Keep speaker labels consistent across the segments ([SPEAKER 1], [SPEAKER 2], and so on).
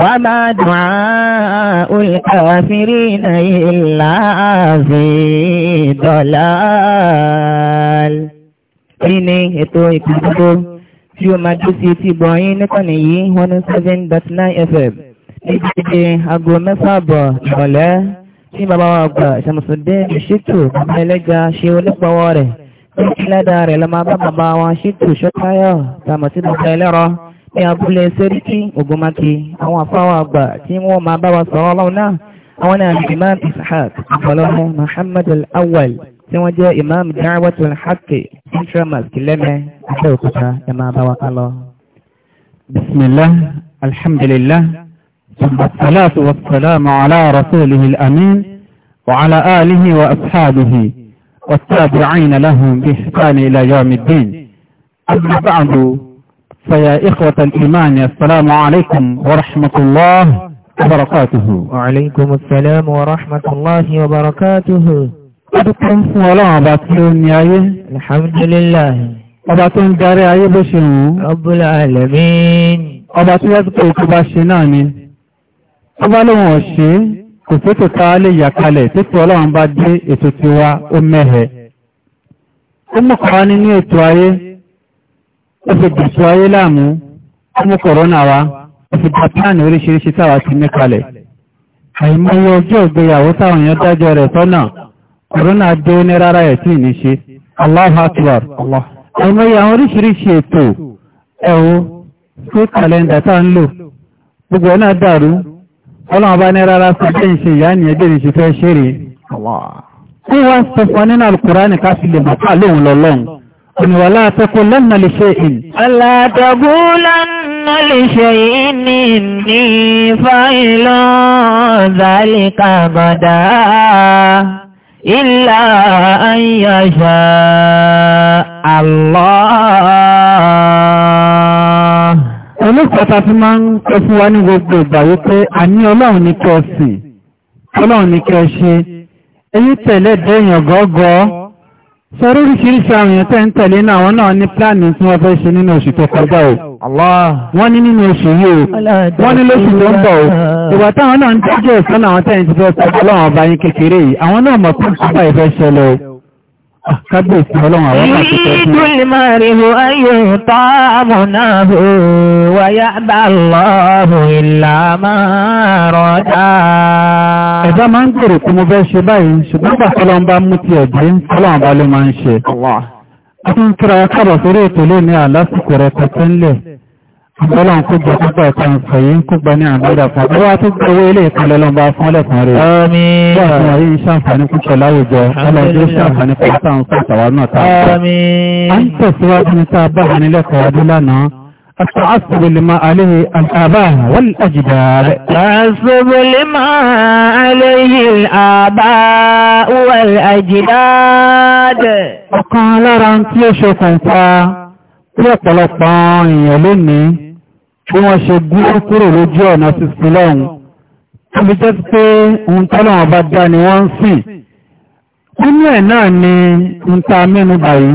[SPEAKER 1] wà máa dùn olùkàfírí náà ìlà àfi dọ̀là. Rí ni ètò ìpínlẹ̀ tí ó máa dé sí ti bọ̀yìn níkànnì yìí 107.9 FM ní dídé aago mẹ́fà bọ̀ ìrọ̀lẹ́ tí bàbá wa gbà ṣàmùsùndé ṣètò bàbá ẹlẹ́gà ṣe onípọ̀wọ́ rẹ̀ tí kí lẹ́dà rẹ̀ lọ ní abúlé sẹ́ríkí ògùnmáki àwọn àfáwà àgbà tí wọ́n máa bá wa sọ ọlọ́run náà àwọn náà ni imam ishaq ọ̀pọ̀lọ́mọ muhammad al-awwal tí wọ́n jẹ́ imam da'watul haqqi central mosque lẹ́mẹ́ abẹ́òkúta ẹ máa bá wa ká lọ. bismillah alhamdulillah salatu wa فيا إخوة الإيمان السلام عليكم ورحمة الله وبركاته وعليكم السلام ورحمة الله وبركاته أدكم فولا باتلون يا الحمد لله أباتون جاري أي بشنو رب العالمين أباتون يذكر كباشناني أبالون وشي كفت sétò táa lè yà kalẹ̀ títí ọlọ́run bá dé ètò tiwa ó mẹ́hẹ̀ ó fi dùtù ayé láàmú ó mú kòrónà wá ó fi japan oríṣiríṣi táwa ti ní kalẹ̀ àìmọye ọjọ́ ìgbéyàwó táwọn èèyàn dájọ́ rẹ̀ sọ́nà kòrónà dé ní rárá ẹ̀ tí ní ṣe Allahu Akbar àìmọye àwọn oríṣiríṣi ètò ẹ̀wọ́ sí kàlẹ́ndà tá ń lò gbogbo Al-Qur'ani ká fi lè mọ̀ ni wàlá taqulanna li shay'in. Wàlá taqulanna li shay'in ní fa'ilun dhalika gada illa an yasha Allah. Olúkọta tí máa ń kọ fún wa ní gbogbo ìgbà wípé a ní ọlọ́run ní kí ọ ọlọ́run ní kí ọ ṣe, èyí dẹ́yìn ọgọ́gọ́ sọ̀rọ̀ oríṣiríṣi àwọn èèyàn tẹ́ ń tẹ̀lé náà àwọn náà ní pláàni tí wọ́n fẹ́ ṣe nínú oṣù tó kọjá o wọ́n ní nínú oṣù yìí o wọ́n ní lóṣù tó ń bọ̀ o ìgbà táwọn náà ń tọ́jú ẹ̀sán àwọn tẹ́yìn ti fẹ́ sọ́jọ́ lọ́wọ́ ọba yín kékeré yìí àwọn náà mọ̀ pé ìjọba ìfẹ́ ṣẹlẹ̀ o Kábíyèsí ọlọ́run àwọn kan ti tẹ́jú. Ìlú lè máa rí wo ayò tọ́ àmọ̀ náà hù wáyá bá lọ́rùn ìlà máa rọ̀dá. Ẹ̀dá máa ń gbèrè kí mo fẹ́ ṣe báyìí, ṣùgbọ́n bàtọ́lọ́ Ọlọ́run kó jẹ púpọ̀ ẹ̀kọ́ ìfẹ̀ yìí kó gbọ́ ní àgbọ́dà fún ọwá tó gbọ́ owó ilé ìpínlẹ̀ lọ́nà bá fún ọlẹ́kùn rẹ̀. Àmín. Wọ́n fún ọ̀rí ṣàǹfààní púpọ̀ láwùjọ, ọlọ́dún ṣàǹfààní púpọ̀ táwọn fún ìtàwà náà ta. Àmín. A ń tẹ̀síwájú ní tá tí ọ̀pọ̀lọpọ̀ èèyàn lónìí tí wọ́n ṣe gúrú kúrò lójú ọ̀nà sísun lọ́hùn tó fi jẹ́ pé ohun tọ́lọ́wọ̀n bá dá ni wọ́n ń sìn nínú ẹ̀ náà ni ohun tá a mẹ́nu báyìí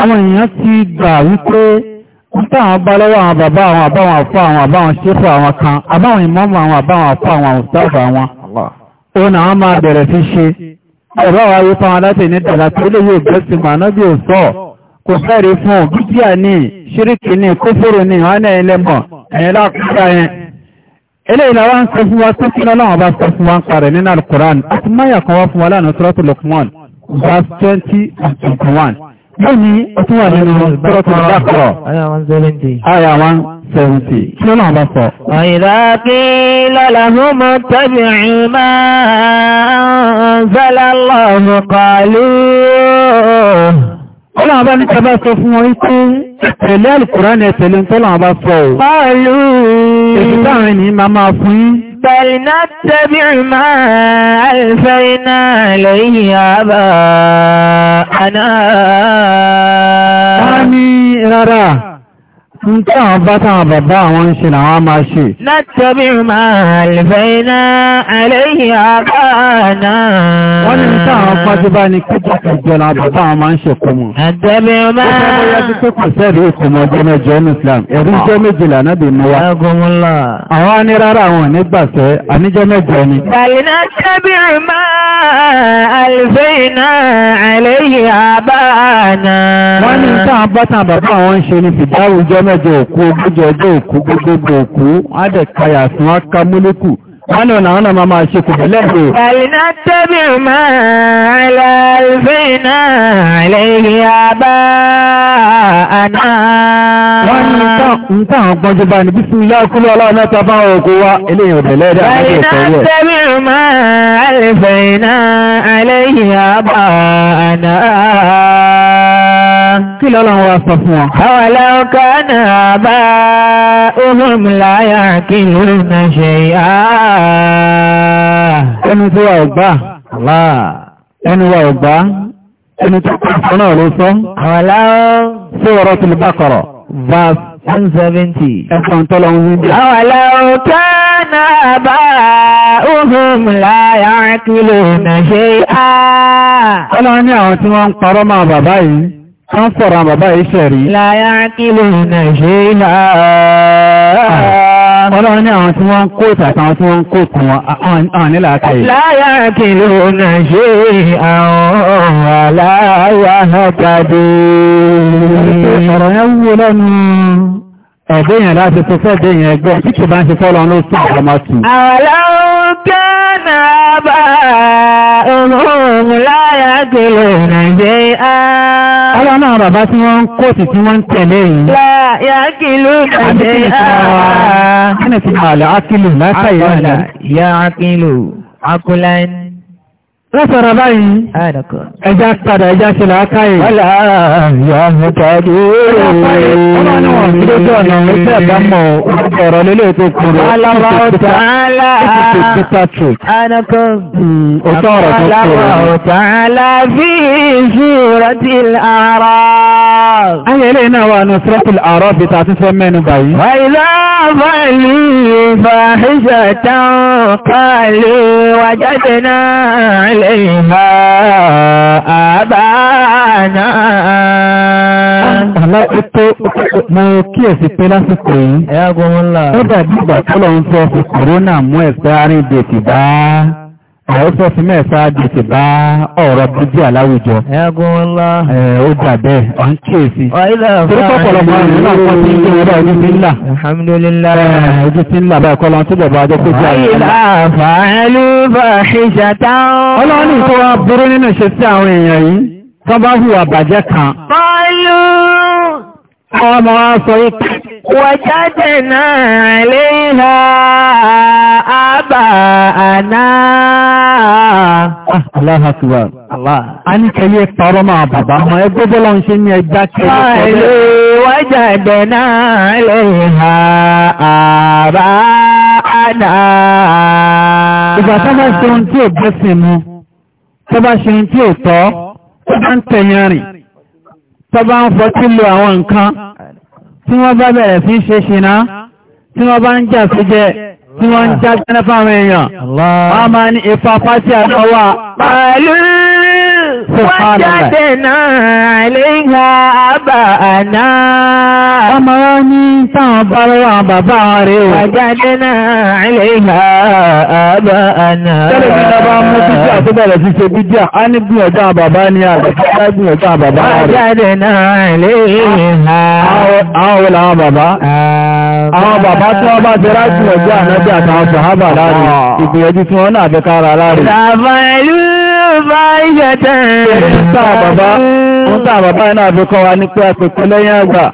[SPEAKER 1] àwọn èèyàn ti gbà wípé ohun táwọn bá lọ́wọ́ àwọn bàbá àwọn àbáwọn àfọ àwọn àbáwọn ṣẹ́fọ àwọn kan àbáwọn ìmáàmù àwọn àbáwọn àfọ àwọn òṣìṣẹ́ àwọn òun àwọn máa bẹ̀rẹ̀ fi ṣe ọ̀rọ̀ àwọn ayé fáwọn alátẹ̀ ní dàlá tó lè yóò gbẹ́sìn màá sọ́ọ̀ kò fẹ́rí fún dúkìá ní ṣíríkì ní kófòrò ní ọ̀nà ẹlẹ́mọ̀ ẹ̀yìn lákùnrin ẹ̀yìn eléyìí la wá ń sọ fún wa tó kí lọ́wọ́ bá sọ fún wa ń parẹ̀ nínú alukoran àti máyà kan wá fún wa lánàá Suratul Luqman verse twenty and twenty one lónìí ó tún wà nínú Suratul Baqara one seventy kí lọ́wọ́ bá sọ. ọ̀yìnlá kí lọ́làhùn tabi'u ma anzala Allahu Ọlọ́run bá ní tẹbá sọ fún wọn pé tẹ̀lé alìkùránì ẹ̀tẹ̀lé ń tọ́lọ́run bá sọ ò. Pàálù ìfìtàrin ní máa máa fún yín. Bẹ̀rìnà tẹ́bí ìmá àìfẹ́ ń táwọn bá táwọn bàbá àwọn ń ṣe làwọn máa ṣe. látọ̀bí máa lẹ́fẹ́ iná àlẹ́yìn àbáàná. wọ́n ní táwọn pàtó bá ní kíjọpọ̀ jọna bàbá àwọn máa ń ṣe kọmọ. àtọ̀bí máa. ó fẹ́ bóyá tí pé kò sẹ́rí ìkọmọ ọjọ́ mẹ́jọ ní Islam ẹ̀rí jẹ́ méjìlá máa àlẹ́fẹ́ iná àlẹ́yìn àbáàná. wọ́n ní mẹ́jọ òkú ogójì ọjọ́ òkú gbogbo òkú á dẹ̀ kayà fún ákámúlékù wọ́n ní ọ̀nà ọ̀nà máa ṣe kò lẹ́gbẹ̀ẹ́. Àlìná tẹ́bí máa aláàlfẹ́nà lẹ́yìn àbá àná. Wọ́n ní ìtàwọn gbọ́njú bá ní bísí ilé ọkúlé ọlọ́run náà tọ́ bá òkú wá ilé ìrọ̀lẹ́ lẹ́dà. Àlìná tẹ́bí máa aláàlfẹ́nà lẹ́yìn àbá àná. Kí lọ́lọ́run wá sọ fún wọn? Àwọn aláwọ̀ká náà bá ohun láyà kí lóòrùn náà ṣe yáá ẹnu tó wà ọgbà Allah ẹnu wà ọgbà ẹnu tó kọ́ ọ̀nà ló sọ àwàlá Suratul Baqara verse 170 ẹ̀kọ́ tó lọ wí bí àwàlá ọ̀tá náà bá ohun láyá kílò nà ṣe á tí wọ́n ń parọ́ wọ́n sọ̀rọ̀ bàbá yìí ṣẹ̀rí láyá kílò nà ṣe á Ọlọ́run ní àwọn tí wọ́n ń kó ìtàtàwọn tí wọ́n ń kó kùn wọn nílà kàí. Láyá kí ló nà ṣe àwọn aláyà ọ̀tàdé. Ọ̀rọ̀ yẹn wúwo lẹ́nu ẹ̀gbẹ́yàn láti tó fẹ́ dẹ̀yìn ẹgbẹ́ tí kì bá ń ṣe fọ́lọ́ ló sí ọmọ tù. Àlọ́ kẹ́nà Àwọn àwọn bàbá tí wọ́n ń kóòtù tí wọ́n ń tẹ̀lé yìí. Láyá kìlú ẹ̀dẹ̀ àà. Kí ni ti bàlẹ̀ ákìlù látàrí ọ̀nà? Yá ákìlù, ákùlá ẹni. رسربي عليك اجاك قد اجاك لاكاي ولا يا متادير تعالى في سورة الاعراف اي لينا ونصرة الاعراف بتاعت سمين باي واذا ظلي فاحشة قالوا وجدنا إليها آبانا Àlá ètò mo kíyèsí pé lásìkò yìí. Ẹ̀yà gbọmọ́lá. Ó dàbí ìgbà tó lọ ń fọ́ fi kòrónà mú ẹ̀fẹ́ àrídètì bá àwọn sọ́sí mẹ́ẹ̀sá gbèsè bá ọ̀rọ̀ bíbí aláwùjọ. ẹ̀gùn ńlá. ẹ̀ ó dà bẹ́ẹ̀ ọ̀ ń kíyèsí. torípọ̀pọ̀lọpọ̀ àwọn náà wọ́n ti ń alhamdulillah. وجدنا عليها آباءنا الله أكبر الله أنا كي يكترم بابا ما يقول لهم شيء يجاك وجدنا عليها آباءنا إذا تبا شنتي بسمه تبا شنتي تو تبا تنياري تبا فتلو أوانكا tí wọ́n bá bẹ̀rẹ̀ sí ṣe ṣìná tí wọ́n bá ń jà sí jẹ́ tí wọ́n ń já jẹ́ náà fáwọn èèyàn wọ́n máa ní ipa pátí àtọwà pẹ̀lú Wájádẹ̀nà àìléhà àbà àná. Ọmọ wọn ní táwọn bára wọn bàbá rẹ̀ o. Wájádẹ̀nà àìléhà àbà àná. Tẹ́lẹ̀ mi náà bá mú títí àti bẹ̀rẹ̀ sí a ní gbìyànjú àwọn bàbá ní àgbàjá gbìyànjú àwọn bàbá rẹ̀. Wájádẹ̀nà tí wọ́n bá jẹ́ láti ọjọ́ ànábì àtàwọn sàhábà láàrin, ah. ìgbìyànjú tí wọ́n náà bẹ láàrin fáyẹ̀tẹ̀. Níta bàbá, níta bàbá iná wa ní pé àpẹ̀kọ́ lẹ́yìn àgbà,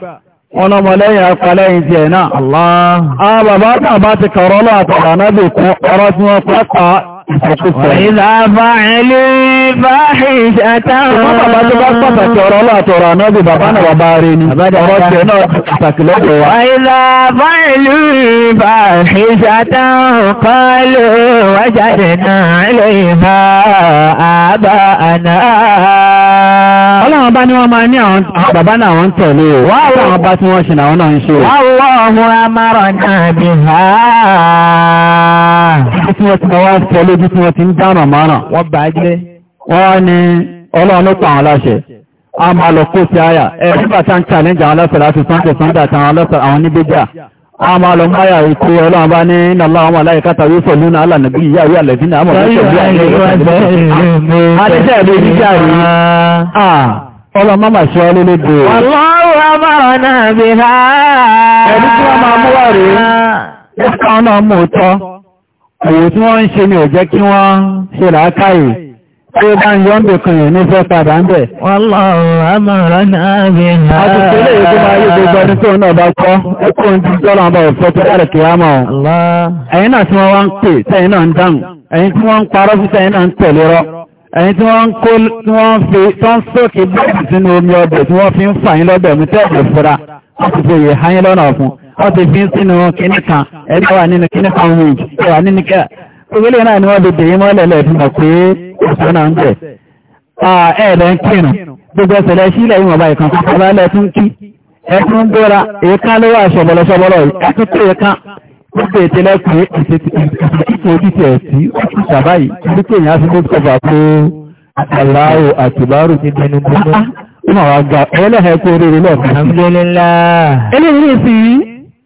[SPEAKER 1] wọn ọmọ lẹ́yìn apá lẹ́yìn ti náà. Allah. Àwọn bàbá tàbá ti kọ̀rọ̀ lọ́ àtàrà náà lè kún ọ̀rọ̀ tí wọ́n pẹ́ pàá Ìlà fàílì fàíṣàtà ọ̀rọ̀. Ìmọ́ bàbá tó bá pàtàkì ọ̀rọ̀ látọ̀rọ̀ ànábì bàbá náà bàbá rẹ̀ ni. Ọ̀rọ̀ tẹ̀ náà pàtàkì lọ́dọ̀ wa. Ìlà fàílì fàíṣàtà kọlù wájáde náà ilé ìmá àbá àná. Ọlọ́run bá ní wọ́n máa ní àwọn bàbá náà wọ́n tẹ̀lé o. Wọ́n bá tí wọ́n ṣe náà náà ń ṣe o. Wọ́n wọ́n ọmọ lójú tí wọ́n ti ń dáàmà márùn wọ́n bá jẹ́ wọ́n ní ọlọ́run ló pàwọn a máa lọ kó sí àyà ẹ̀rí bàtà challenge àwọn lọ́sẹ̀ láti sunday sunday àtàwọn lọ́sẹ̀ àwọn níbẹ̀jà a máa lọ máyà ikú ọlọ́run bá ní nàlá àwọn aláìkátà yóò sọ lónà alànàbí ìyá ìyá lẹ́bí náà mọ̀ ọlọ́mọ máa ṣe ọlọ́lẹ́gbò ọlọ́run àmàrà náà bí i ha ẹ̀rí tí wọ́n máa mú wà rí ẹ̀ká ọ̀nà mú tọ́ Èyí tí wọ́n ń ṣe ni ò jẹ́ kí wọ́n ṣe làákàyè tí ó bá ń yọ ń bè kan yìí ní fẹ́ padà ń bẹ̀. Wallahu amarana biha. A ti ṣe léyìí tó máa yí gbogbo ẹni tó náà bá kọ́, ó kó ń tún tọ́lọ̀ àbá òfẹ́ tó dáre kìí àmà ọ̀. Ẹ̀yin náà tí wọ́n wá ń pè tẹ́yìn náà ń kó tí wọ́n fi tó ń sókè bọ́ọ̀lù sínú omi ọbẹ̀ tí wọ́n fi ń fà yín mú tẹ́ẹ̀bù fura, wọ́n fi yè háyín lọ́nà fún wọ́n ti fi sínú kíní kan ẹ̀rí wà nínú kíní kan wíj wà nínú kẹ́ ògbélé náà ni wọ́n ti dèyí mọ́lẹ̀ lẹ́fìmọ̀ pé òṣù náà ń bẹ̀ ẹ̀rẹ̀ ń kírun gbogbo ẹsẹ̀lẹ̀ sílẹ̀ ìwọ̀n bá ìkan kọ́kọ́ bá lẹ́tún kí ẹkùn bóra èéká ló wà ṣọ̀bọ̀lọ̀ṣọ̀bọ̀lọ̀ ìkàtútù èéká gbogbo ètẹ́lẹ́kùn ìtẹ́tìtì òtítì ẹ̀sí òtítì sàbáyì wípé èèyàn fi gbogbo ọba pé àláwò àtìbárò ti dẹnu gbogbo. ó mà wá ga ẹlẹ́hẹ̀ẹ́ kó rere lọ́ọ̀kan. alhamdulillah. eléyìí sì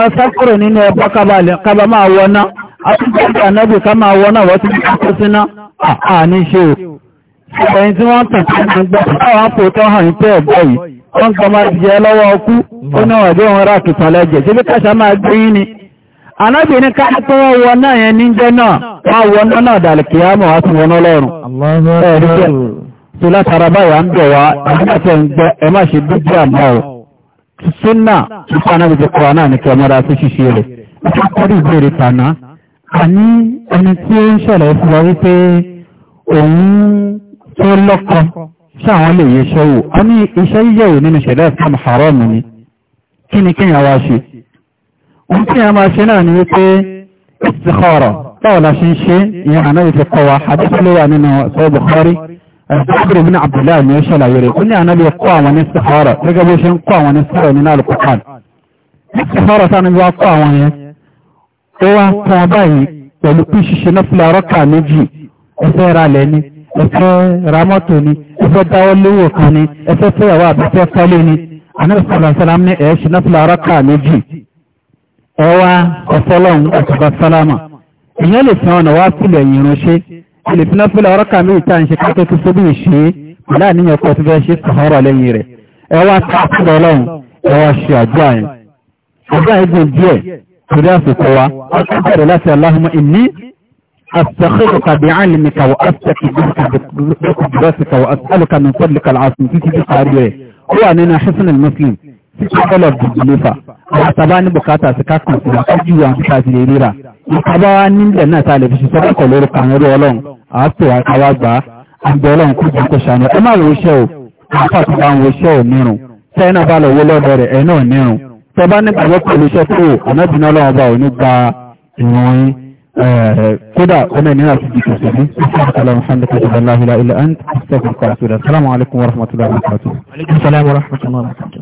[SPEAKER 1] asákòrò nínú ẹbọ kaba ma wọná akúkọ̀ọ́dà anábì ká máa wọná wọ́n ti kọ́ síná àní ṣe ò ẹ̀yìn tí wọ́n tàn kí gbọ́ àwọn fòótọ́ hàn ní pẹ́ yìí wọ́n gbọ́ máa lọ́wọ́ ọkú ó náà ẹ̀dẹ́ wọn rà kìtàn lẹ́jẹ̀ tí bí kàṣà máa gbé yín ni anábì ní ká tó wọ́n wọná yẹn níjẹ́ náà wọ́n náà dàlùkì àmọ́ lọ́rùn ẹ̀rí jẹ́ súnà nípa anábìjẹ kọ́ náà ní kí ọmọ rà sí ṣíṣe rẹ̀ nípa kọ́rí ìbéèrè tàná àní ẹni tí ó ń ṣẹlẹ̀ fún wa wípé òun tó lọ́kọ ṣáwọn lè yẹ ṣẹ́wò a ní iṣẹ́ yíyẹ̀wò nínú ṣẹ̀dá ìsìlámù haram ni kí ni kí yàwá ṣe òun tí a máa ṣe ni wípé istikhara báwo la ṣe ń ṣe ìyẹn ànábìjẹ kọ́ wa àdúgbò wà nínú sọ Bukhari Abdul bin Abdullah ne ya ṣàlàyé rẹ̀, ó ní ànábì kọ́ àwọn ní Sahara, gẹ́gẹ́ bó ṣe ń kọ́ àwọn ní Sahara nínú Al-Qur'an. Ní Sahara sáà ní wá kọ́ àwọn yẹn, ó wá kọ́ wọn báyìí pẹ̀lú pí ṣíṣe náà fúlà rọ́kà méjì, ẹ̀fẹ́ ra lẹ̀ ni, ẹ̀fẹ́ ra mọ́tò ni, ẹ̀fẹ́ dáwọ́ lówó kan ni, ẹ̀fẹ́ fẹ́yàwó àbẹ́fẹ́ kọ́lé ni. Ànábì sọ̀rọ̀ sọ́lá ní ẹ̀ ṣe náà fúlà rọ́kà méjì, ẹ̀wá ọ̀fọ́lọ́hún ọ̀tọ̀bà sálámà. Ìyẹn lè fi hàn wá sílẹ̀ yìí ilẹ̀ tí náà fẹ́lẹ̀ ọ̀rọ̀ kàmí ìta ń ṣe kátó tó sóbí ìṣe láàníyàn kọ́ tó fẹ́ ṣe sọ̀rọ̀ lẹ́yìn rẹ̀ ẹ wá sáàtọ̀ ọlọ́run ẹ wá ṣe àdúrà yẹn àdúrà yẹn gùn díẹ̀ torí àsìkò wa ọkọ̀ bẹ̀rẹ̀ láti aláhùnmọ́ ìní أستخيرك بعلمك وأستكبرك بقدرتك وأسألك من فضلك العظيم في كتب قارئه هو أننا حسن المسلم في قبل الجنوفة وأتبعني بكاتا سكاكم سلاكجي وأنت كاتل إليرا ìkàbá nílẹ̀ náà tá a lè fi ṣiṣẹ́ kọ̀kọ̀ lórúkọ àwọn orí ọlọ́run àápò àkáwá gbà á àgbẹ̀ ọlọ́run kó jẹ́ kó ṣàánú ẹ má wo iṣẹ́ o àpá tó bá ń wo iṣẹ́ ò nírun tẹ́ náà bá lọ wó lọ́dọ̀ rẹ̀ ẹ̀ náà nírun tẹ́ bá nígbàgbọ́ pẹ̀lú iṣẹ́ tó wò ànábìnrin ọlọ́run bá ò ní gba ìwọ̀n kódà ọmọ ènìyàn ti di kìsìlì ṣàkàlà mùsàlẹ̀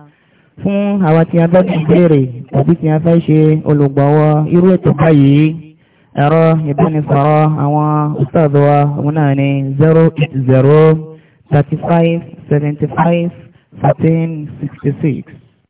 [SPEAKER 1] fún àwa tí a bá ní ìbéèrè tàbí tí a fẹ́ ṣe olùgbọ̀wọ́ irú ètò báyìí ẹ̀rọ ìbánisọ̀rọ̀ àwọn ustaz wa òun náà ni 080 35 75 13 66